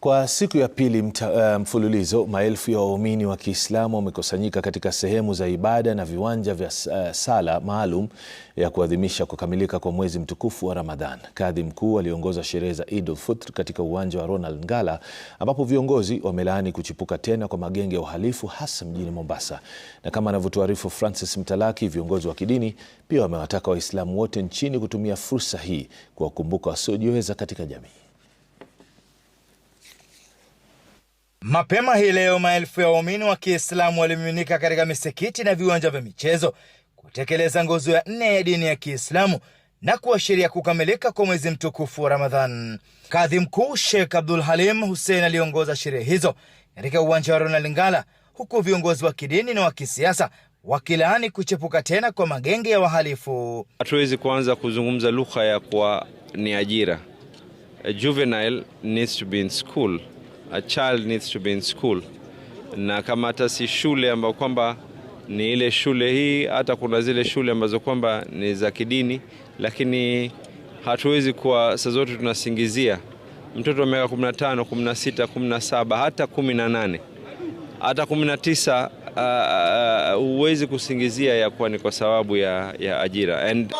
Kwa siku ya pili eh, mfululizo um, maelfu ya waumini wa Kiislamu wamekusanyika katika sehemu za ibada na viwanja vya uh, sala maalum ya kuadhimisha kukamilika kwa mwezi mtukufu wa Ramadhan. Kadhi mkuu aliongoza sherehe za Eid al-Fitr katika uwanja wa Ronald Ngala, ambapo viongozi wamelaani kuchipuka tena kwa magenge ya uhalifu hasa mjini Mombasa. Na kama anavyotuarifu Francis Mtalaki, viongozi wa kidini pia wamewataka Waislamu wote nchini kutumia fursa hii kuwakumbuka wasiojiweza katika jamii. Mapema hii leo maelfu ya waumini wa Kiislamu walimiminika katika misikiti na viwanja vya michezo kutekeleza nguzo ya nne ya dini ya Kiislamu na kuashiria kukamilika kwa mwezi mtukufu wa Ramadhan. Kadhi mkuu Sheikh Abdul Halim Hussein aliongoza sherehe hizo katika uwanja wa Ronald Ngala, huku viongozi wa kidini na wa kisiasa wakilaani kuchepuka tena kwa magenge ya wahalifu. Hatuwezi kuanza kuzungumza lugha ya kwa ni ajira. A juvenile needs to be in school a child needs to be in school, na kama hata si shule ambayo kwamba ni ile shule hii, hata kuna zile shule ambazo kwamba ni za kidini, lakini hatuwezi kuwa saa zote tunasingizia mtoto wa miaka 15, 16, 17 hata 18 hata 19 huwezi uh, uh, uh kusingizia ya kuwa ni kwa sababu ya, ya ajira And...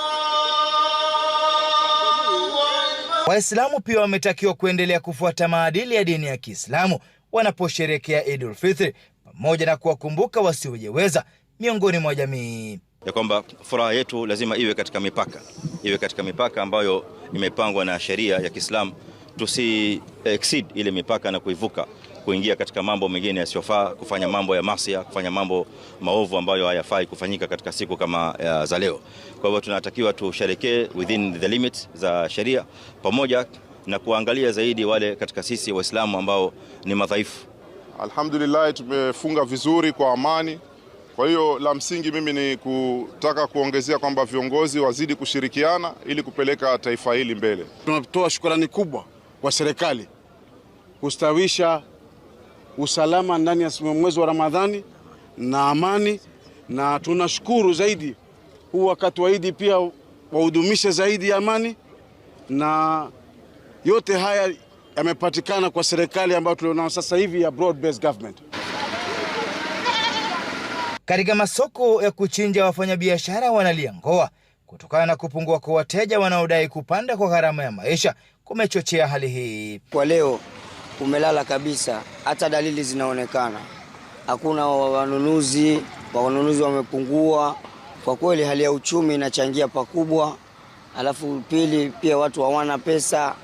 Waislamu pia wametakiwa kuendelea kufuata maadili ya dini ya Kiislamu wanaposherekea Idul Fitri, pamoja na kuwakumbuka wasiojiweza miongoni mwa jamii, ya kwamba furaha yetu lazima iwe katika mipaka, iwe katika mipaka ambayo imepangwa na sheria ya Kiislamu. Tusi exceed ile mipaka na kuivuka kuingia katika mambo mengine yasiyofaa, kufanya mambo ya masia, kufanya mambo maovu ambayo hayafai kufanyika katika siku kama za leo. Kwa hivyo tunatakiwa tusherekee within the limits za sheria, pamoja na kuangalia zaidi wale katika sisi Waislamu ambao ni madhaifu. Alhamdulillah, tumefunga vizuri kwa amani. Kwa hiyo la msingi mimi ni kutaka kuongezea kwamba viongozi wazidi kushirikiana ili kupeleka taifa hili mbele. Tunatoa shukrani kubwa kwa serikali kustawisha usalama ndani ya mwezi wa Ramadhani na amani, na tunashukuru zaidi huu wakati wa Idi pia wahudumishe zaidi ya amani, na yote haya yamepatikana kwa serikali ambayo tulionao sasa hivi ya broad based government. Katika masoko ya kuchinja wafanyabiashara wanalia ngoa kutokana na kupungua kwa wateja wanaodai kupanda kwa gharama ya maisha kumechochea hali hii kwa leo kumelala kabisa, hata dalili zinaonekana, hakuna wanunuzi, wanunuzi wamepungua. Kwa kweli hali ya uchumi inachangia pakubwa, alafu pili pia watu hawana pesa,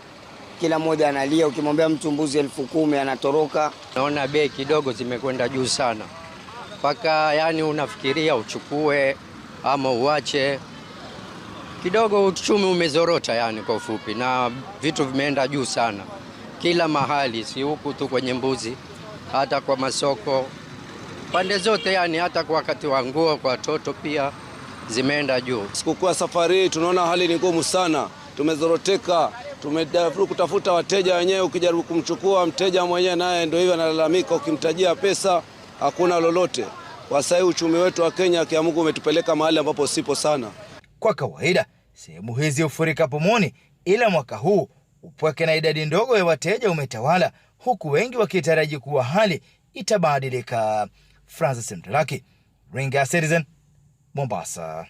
kila mmoja analia. Ukimwambia mtu mbuzi elfu kumi anatoroka. Naona bei kidogo zimekwenda juu sana, mpaka yani unafikiria uchukue ama uache kidogo. Uchumi umezorota yani, kwa ufupi, na vitu vimeenda juu sana kila mahali, si huku tu kwenye mbuzi, hata kwa masoko pande zote, yani hata kwa wakati wa nguo kwa watoto pia zimeenda juu. Sikukuwa safari hii, tunaona hali ni ngumu sana, tumezoroteka, tumejaribu kutafuta wateja wenyewe. Ukijaribu kumchukua mteja mwenyewe, naye ndio hivyo analalamika, ukimtajia pesa hakuna lolote. Kwa sasa uchumi wetu wa Kenya, kia Mungu umetupeleka mahali ambapo sipo sana. Kwa kawaida sehemu hizi hufurika pomoni, ila mwaka huu upweke na idadi ndogo ya wateja umetawala, huku wengi wakitaraji kuwa hali itabadilika. Francis Mtalaki, Ringa Citizen, Mombasa.